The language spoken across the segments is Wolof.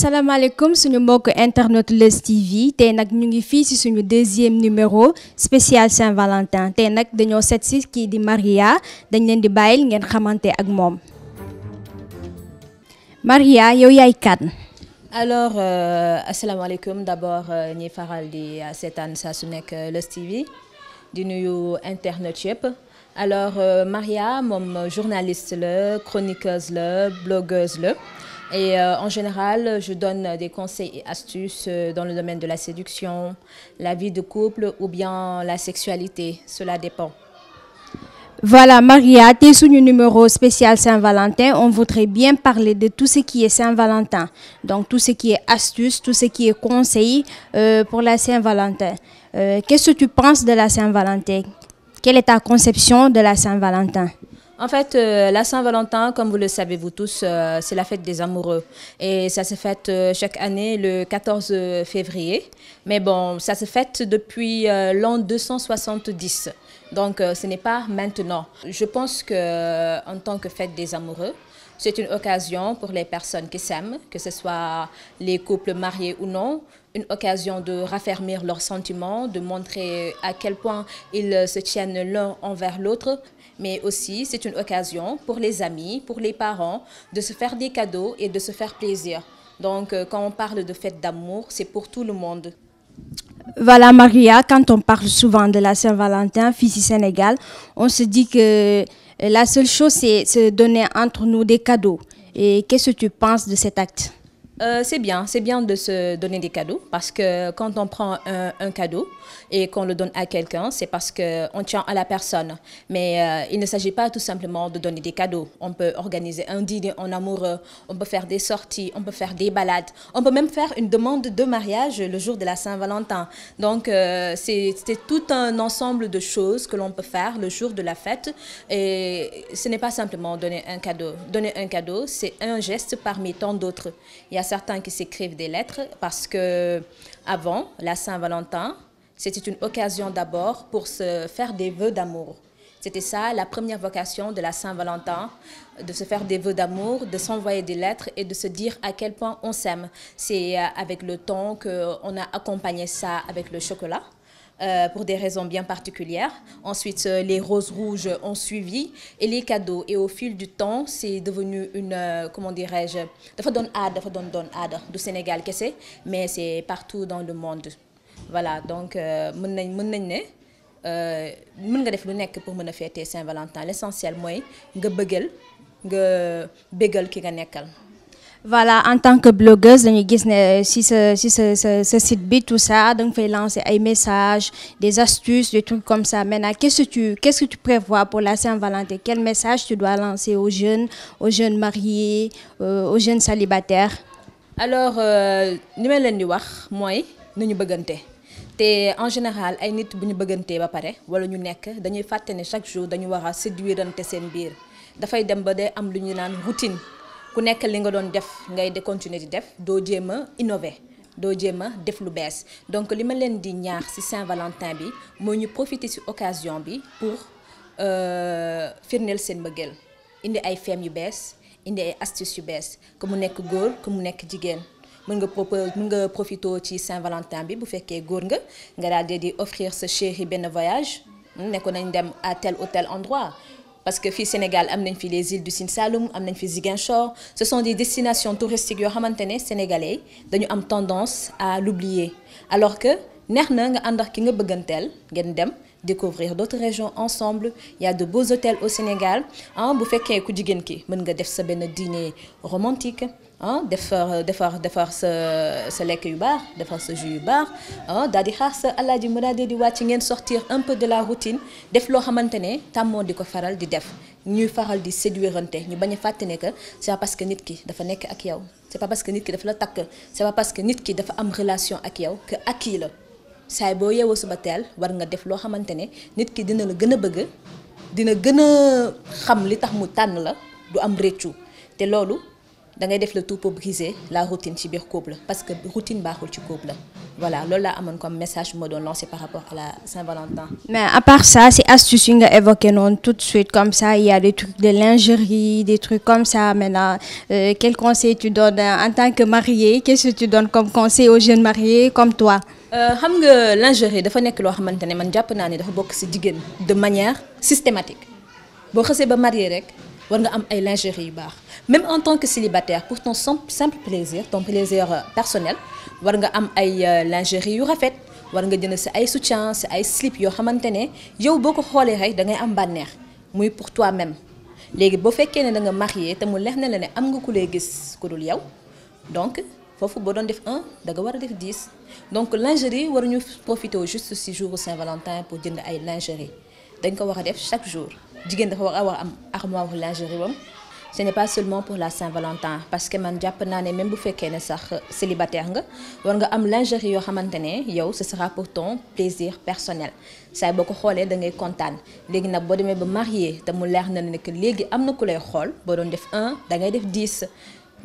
salaamaaleykum suñu mbokk internet Leuz TV tey nag ñu ngi fii ci suñu deuxième numéro spécial Saint-Valentin tey nag dañoo seet ci kii di Maria dañ leen di bàyyil ngeen xamante ak moom Maria yow yaay kan alors euh, asalaamaaleykum d'abord euh, ñi faral di euh, seetaan saa su nekk euh, Leuz TV di nuyu internet yëpp alors Maria moom journaliste la chroniqueuse la blogueuse la Et euh, général, je donne des conseils et astuces euh, dans le de la séduction, la vie de couple ou bien la sexualité. Cela dépend. Voilà, Maria, tu es sur numéro spécial Saint-Valentin. On voudrait bien parler de tout ce qui est Saint-Valentin. Donc, tout ce qui est astuce, tout ce qui est conseil euh, pour la Saint-Valentin. Euh, Qu'est-ce que tu penses de la Saint-Valentin Quelle est ta conception de la Saint-Valentin En fait, euh, la Saint-Valentin, comme vous le tous, euh, c'est la fête des amoureux. Et ça se euh, année le 14 février. Mais bon, ça se fête depuis euh, l'an 270. Donc, euh, ce n'est pas maintenant. Je pense que en tant que des amoureux, C'est une occasion pour les personnes qui s'aiment, que ce soit les couples mariés ou non, une occasion de raffermir leurs sentiments, de montrer à quel point ils se tiennent l'un envers l'autre. Mais aussi, c'est une occasion pour les amis, pour les parents, de se faire des cadeaux et de se faire plaisir. Donc, euh, quand on parle de fête d'amour, c'est pour tout le monde. Voilà Maria, quand on parle souvent de la Saint-Valentin, fille du Sénégal, on se dit que Euh, la seule chose, c'est se donner entre nous des cadeaux. Et qu'est-ce que tu penses de cet acte Euh, c'est bien, c'est bien de se donner des cadeaux parce que quand on prend un, un cadeau et qu'on le donne à quelqu'un, c'est parce qu'on tient à la personne. Mais euh, il ne s'agit pas tout simplement de donner des cadeaux. On peut organiser un dîner en amoureux, on peut faire des sorties, on peut faire des balades, on peut même faire une demande de mariage le jour de la Saint-Valentin. Donc euh, c'est tout un ensemble de choses que l'on peut faire le jour de la fête et ce n'est pas simplement donner un cadeau. Donner un cadeau, c'est un geste parmi tant d'autres. Il y a certains qui s'écrivent des lettres parce que avant la Saint-Valentin, c'était une occasion d'abord pour se faire des vœux d'amour. C'était ça la première vocation de la Saint-Valentin, de se faire des vœux d'amour, de s'envoyer des lettres et de se dire à quel point on s'aime. C'est euh, avec le temps qu'on a accompagné ça avec le chocolat. euh, pour des raisons bien particulières. Ensuite, euh, les roses rouges ont suivi et les cadeaux. Et au fil du temps, c'est devenu une, euh, comment dirais-je, dafa doon aada dafa doon doon aada du Sénégal kese mais c'est partout dans le monde. voilà donc euh, mën nañ mën nañ ne euh, mën nga def lu nekk pour mën a fêter Saint-Valentin l'essentiel mooy nga bëggal nga bégal ki nga nekkal. voilà en tant que blogueuse dañuy gis ne euh, si sa si sa sa sa site bi tout ça da nga fay lancer ay messages des astuces des trucs comme ça maintenant qu'est-ce que tu prévois pour la Saint-Valentin quel message tu dois lancer aux jeunes aux jeunes mariés euh, aux jeunes célibataires alors euh, li ma leen di wax mooy nañu bëggante te en général ay nit bu ñu bëggantee ba pare wala ñu nekk dañuy fàtte ne chaque jour dañu war a séduirante seen biir dafay dem ba day am lu ñu naan routine ku nekk li nga doon def ngay de di def doo jéem a innover doo jéem a def lu bees donc li ma leen di ñaax ci Saint-Valentin bi moo ñu profiter ci occasion bi pour euh, firndeel seen mbëggeel indi ay feem yu bees indi ay astuces yu bees que mu nekk góor que mu nekk jigéen mën nga propos mën nga profité ci Saint-Valentin bi bu fekkee góor nga nga daal di offrir sa chéri benn voyage ne ko nañ dem à tel ou tel endroit. parce que fii Sénégal am nañ fi les îles du Sine am nañ fi Ziguinchor ce sont des destinations touristiques yoo xamante ne sénégalais dañu am tendance à l'oublier alors que neex na nga ànd ak ki nga bëgganteel ngeen dem découvrir d'autres régions ensemble il y a de beaux hôtels au Sénégal ah bu fekkee ku jigéen ki mën nga def sa benn dîner romantique ah defar defar defar sa lekk yu baax defar sa jus yu baax ah daal di xaar sa alaaji mu dee di wàcc ngeen sortir un peu de la routine def loo xamante ne tàmmoon di ko faral di def ñuy faral di séduirante ñu bañ a fàtte ne que c'est parce que nit ki dafa nekk ak yow c'est parce que nit ki dafa la takk c'est pas que nit ki dafa am relation ak yow que ak kii la saay boo yeewoo suba teel war nga def loo xamante ne nit ki dina la gën a bëgg dina gën a xam li tax mu tànn la du am réccu te loolu. da def le tout pour briser la routine ci biir couple parce que routine baaxul ci couple voilà loolu laa amoon comme message bu ma doon lancé par rapport la Saint-Valentin. mais à part ça si astuce nga évoqué noonu tout de suite comme ça il y a des trucs de lingerie des trucs comme ça maintenant euh, quel conseil tu donnes euh, en tant que mariée qu'est-ce que tu donnes comme conseil aux jeunes mariés comme toi. Euh, xam nga lingerie dafa nekk loo xamante ne man jàpp naa dafa bokk ci jigéen de manière systématique boo xasee ba marié rek. war nga am ay lingerie yu baax même en tant que célibataire pour ton simple plaisir ton plaisir euh, personnel war nga am ay euh, lingerie yu rafet war nga jënd si ay soutien si ay slip yoo xamante ne yow boo ko xoolee rek dangay am bànneex muy pour toi-même léegi boo fekkee ne da nga marié te mu leer na la ne am nga ko lee gis ku dul yow donc foofu boo doon def un da nga war a def dix donc war ñu profité juste si jour Saint-Valentin pour jënd ay lingerie dañ ko war a def chaque jour. jigéen dafa war a war am armoire lingerie wam ce n'est pas seulement pour la Saint-Valentin parce que man jàpp naa ne même bu fekkee ne sax célibataire nga war nga am lingerie yoo xamante ne yow ce sera pour ton plaisir personnel saay boo ko xoolee da ngay kontaan léegi nag boo demee ba marié te mu leer na ne que léegi am na ku lay xool boo doon def un da ngay def dix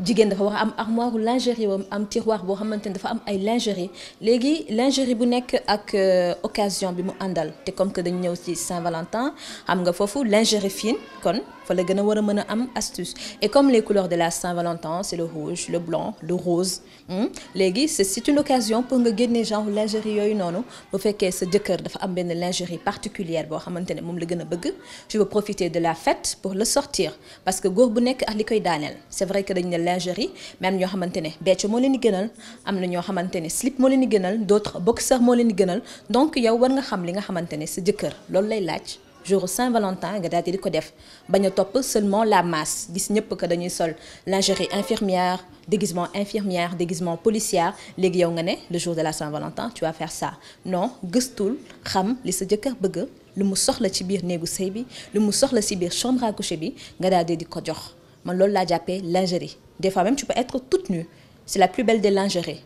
jigéen dafa wax am armoire lingerie wam am tiroir boo xamante ni dafa am ay lingerie léegi lingerie bu nekk ak euh, occasion bi mu àndal te comme que dañ ñëw si Saint-Valentin xam nga foofu lingerie fine kon fa la gën a war a mën a am astuce et comme les couleurs de la Saint-Valentin c'est le rouge le blanc le rose hmm, léegi c'est une occasion pour nga génne genre lingerie yooyu noonu bu fekkee sa jëkkër dafa am benn lingerie particulière boo xamante ne moom la gën a bëgg tu veux profiter de la fête pour le sortir parce que góor bu nekk ak li koy daaneel c'est vrai que dañ ne lingerie même ñoo xamante ne becc moo leen di gënal am na ñoo xamante ne slip moo leen di gënal d'autres boxeur moo leen di gënal donc yow war nga xam li nga xamante ne sa jëkkër loolu lay laaj jour Saint-Valentin nga daal di ko def bañ a topp seulement la masse gis ñëpp que dañuy sol lingerie infirmière déguisement infirmière déguisement policière léegi yow nga ne le jour de la Saint-Valentin tu vas sa no non gëstul xam li sa jëkkër bëgg lu mu soxla ci biir néegu sëy bi lu mu soxla ci biir chambre à bi nga daal di ko jox ma loolu laa jàppee lingerie des fois même tu peux être toute nue c'est la plus belle des lingeries.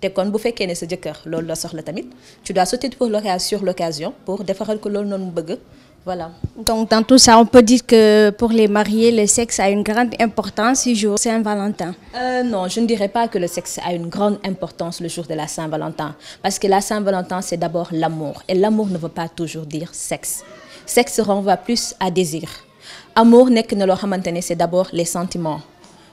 te kon bu fekkee ne sa jëkkër loolu la soxla tamit tu dois sauter pour l'occasion defaral ko loolu noonu mu bëgg Voilà. Donc, dans tout ça, on peut dire que pour les mariés, le sexe a une grande importance le jour Saint-Valentin. Euh, non, je ne dirais pas que le sexe a une grande importance le jour de la Saint-Valentin. Parce que la Saint-Valentin, c'est d'abord l'amour. Et l'amour ne veut pas toujours dire sexe. Sexe renvoie plus à désir. Amour n'est que c'est d'abord les sentiments.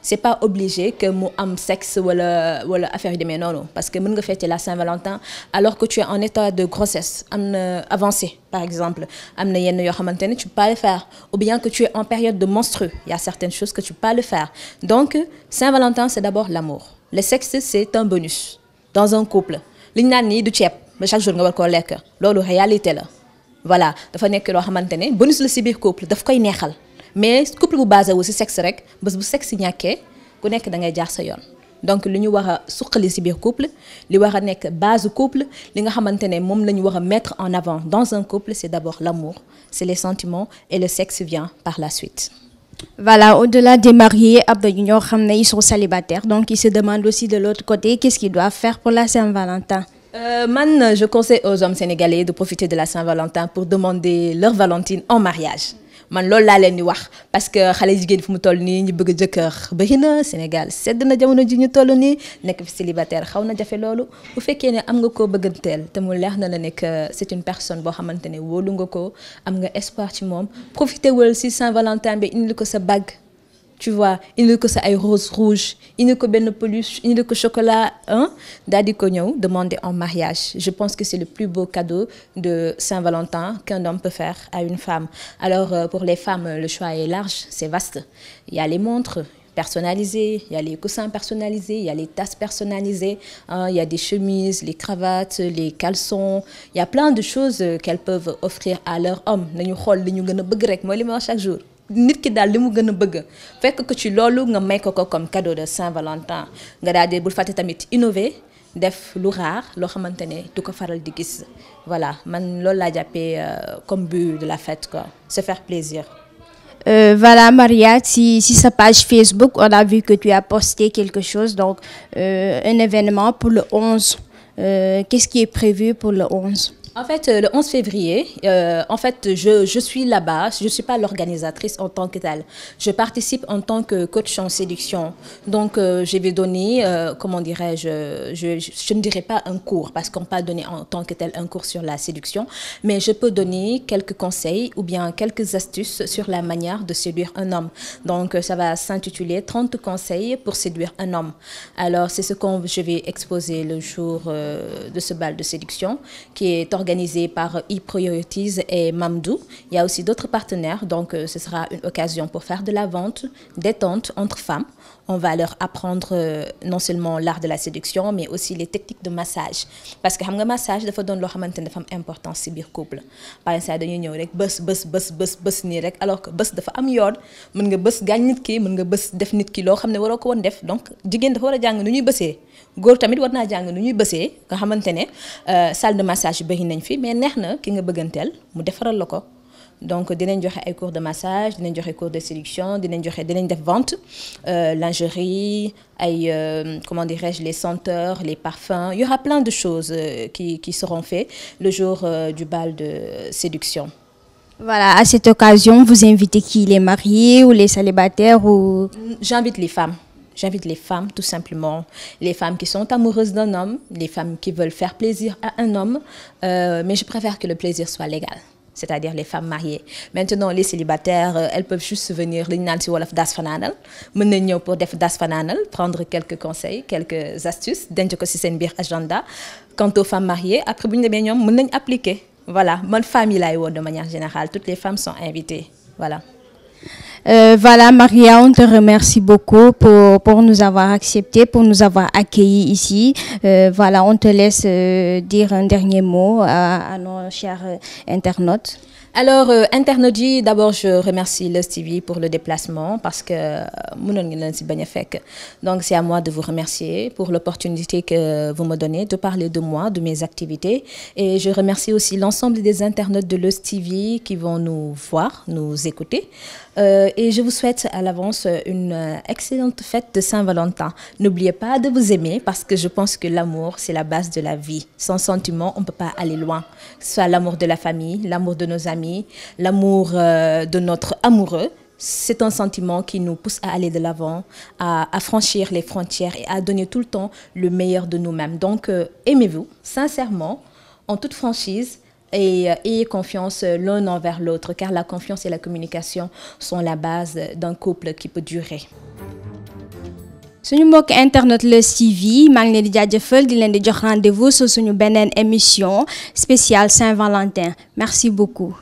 c' est pas obligé que mu am sexe wala wala affaire demee noonu parce que mën nga fêter la Saint-Valentin alors que tu es en état de grossesse am na avancé par exemple am na yenn yoo xamante ne tu peux pas le faire ou bien que tu es en période de menstrues y a certaines choses que tu pas le faire donc Saint-Valentin c' est d' l' amour le sexe c' est un bonus dans un couple li ñu naan nii du ceeb ba chaque jour nga war koo lekk loolu réalité la voilà dafa nekk loo xamante ne bonus la si biir couple daf koy neexal. mais couple bu basé wu si sexe rek bés bu sexe ñàkkee ku nekk da ngay jaar sa yoon donc li ñu war a suqali si biir couple li war a nekk base couple li nga xamante ne moom la ñu war a mettre en avant dans un couple c'est d'abord l'amour c'est les sentiments et le sexe vient par la suite Voilà, au-delà des mariés, ils sont célibataires, donc ils se demandent aussi de l'autre côté qu'est-ce qu'ils doivent faire pour la Saint-Valentin. Euh, man, je conseille aux hommes sénégalais de profiter de la Saint-Valentin pour man loolu laa leen di wax parce que xale jigéen fu mu toll nii ñu bëgg a jëkkër bëri na Sénégal sedd na jamono ji ñu toll nii nekk fi célibataire xaw na jafe loolu bu fekkee ne am nga koo bëgganteel te mu leex na la nekk c'est une personne boo xamante ne wóolu nga ko am nga espoir ci moom profité wal si Saint-Valentin bi indi ko sa bague tu vois indi ko sa ay rose rouge indi ko benn peluche indi ko chocolat hein daal di ko ñëw demander en mariage je pense que c'est le plus beau cadeau de Saint-Valentin qu'un homme peut faire à une femme alors euh, pour les femmes le choix est large c'est vaste il y a les montres personnalisées, il y a les coussins personnalisés, il y a les tasses personnalisées, hein, il y a des chemises, les cravates, les caleçons, il y a plein de choses euh, qu'elles peuvent offrir à leur homme. Nous avons chaque jour. nit ki daal li mu gën a bëgg fekk ko ci loolu nga may ko ko comme cadeau de Saint-Valentin nga daal di bul fàtte tamit innover def lu raar loo xamante ne du ko faral di gis voilà man loolu laa jàppee euh, comme but de la fête quoi se faire plaisir. Euh, voilà Maria, si, si sa page Facebook, on a vu que tu as posté quelque chose, donc euh, un événement pour le 11. Euh, Qu'est-ce qui est prévu pour le 11 En fait, euh, le 11 février, euh, en fait, je, je suis là-bas. Je ne suis pas l'organisatrice en tant que telle. Je participe en tant que coach en séduction. Donc, euh, je vais donner, euh, comment dirais-je, je, je, je, ne dirais pas un cours, parce qu'on ne peut pas donner en tant que tel un cours sur la séduction, mais je peux donner quelques conseils ou bien quelques astuces sur la manière de séduire un homme. Donc, ça va s'intituler 30 conseils pour séduire un homme. Alors, c'est ce que je vais exposer le jour euh, de ce bal de séduction qui est organisé par e-Priorities et Mamdou. Il a aussi d'autres partenaires, donc euh, ce sera une occasion pour faire de la vente, détente entre femmes. On va apprendre euh, non seulement l'art de la séduction, mais aussi les techniques de massage. Parce que xam nga massage dafa doon loo xamante ne dafa am importance ci couple parce que dafa am yoon mën nga bës gaañ nit ki mën nga bës def nit ki loo xam ne waroo ko woon def donc jigéen dafa war a jàng nu nañ fi mais neex na ki nga bëgganteel mu defaral la donc dinañ joxe ay cours de massage dinañ joxe cours de séduction dinañ joxe dinañ def vente euh, lingerie ay euh, comment dirais-je les senteurs les parfums il y aura plein de choses euh, qui qui seront faites le jour du bal de séduction. Voilà, à cette occasion, vous invitez qui? Les mariés ou les célibataires ou... J'invite les femmes. J'invite les femmes, tout simplement, les femmes qui sont amoureuses d'un homme, les femmes qui veulent faire plaisir à un homme, euh, mais je préfère que le plaisir soit légal. c'est-à-dire les femmes mariées maintenant les célibataires euh, elles peuvent juste venir li ñu naan si wolof das fanaanal mën nañ ñëw pour def das fanaanal prendre quelques conseils quelques astuces denc ko si seen biir agenda quant aux femmes mariées après bu ñu demee ñoom mën nañ appliquer voilà man famille laay woo de manière générale toutes les femmes sont Euh, voilà, Maria, on te remercie beaucoup pour, pour nous avoir accepté, pour nous avoir accueillis ici. Euh, voilà, on te laisse euh, dire un dernier mot à, nos chers euh, internautes. alors euh, internautes d' abord je remercie Leuz TV pour le déplacement parce que euh, mënoon ngeen leen si bañ a fekk donc c' est à moi de vous remercier pour l' opportunité que vous me donnez de parler de moi de mes activités et je remercie aussi l'ensemble des internautes de Leuz TV qui vont nous voir nous écouter euh, et je vous souhaite à l'avance une euh, excellente fête de Saint-Valentin n'oubliez pas de vous aimer parce que je pense que l'amour c'est la base de la vie sans sentiment on ne peut pas aller loin que l'amour de la famille l'amour de nos amis famille, l'amour euh, de notre amoureux. C'est un sentiment qui nous pousse à aller de l'avant, à, à, franchir les frontières et à donner tout le temps le meilleur de nous-mêmes. Donc, euh, aimez-vous sincèrement, en toute franchise, et euh, ayez confiance euh, l'un envers l'autre, car la confiance et la communication sont la base d'un couple qui peut durer. suñu mbokki internet Leuz TV maa ngi leen di jaajëfal di leen di jox rendez-vous su suñu beneen émission spéciale Saint-Valentin merci beaucoup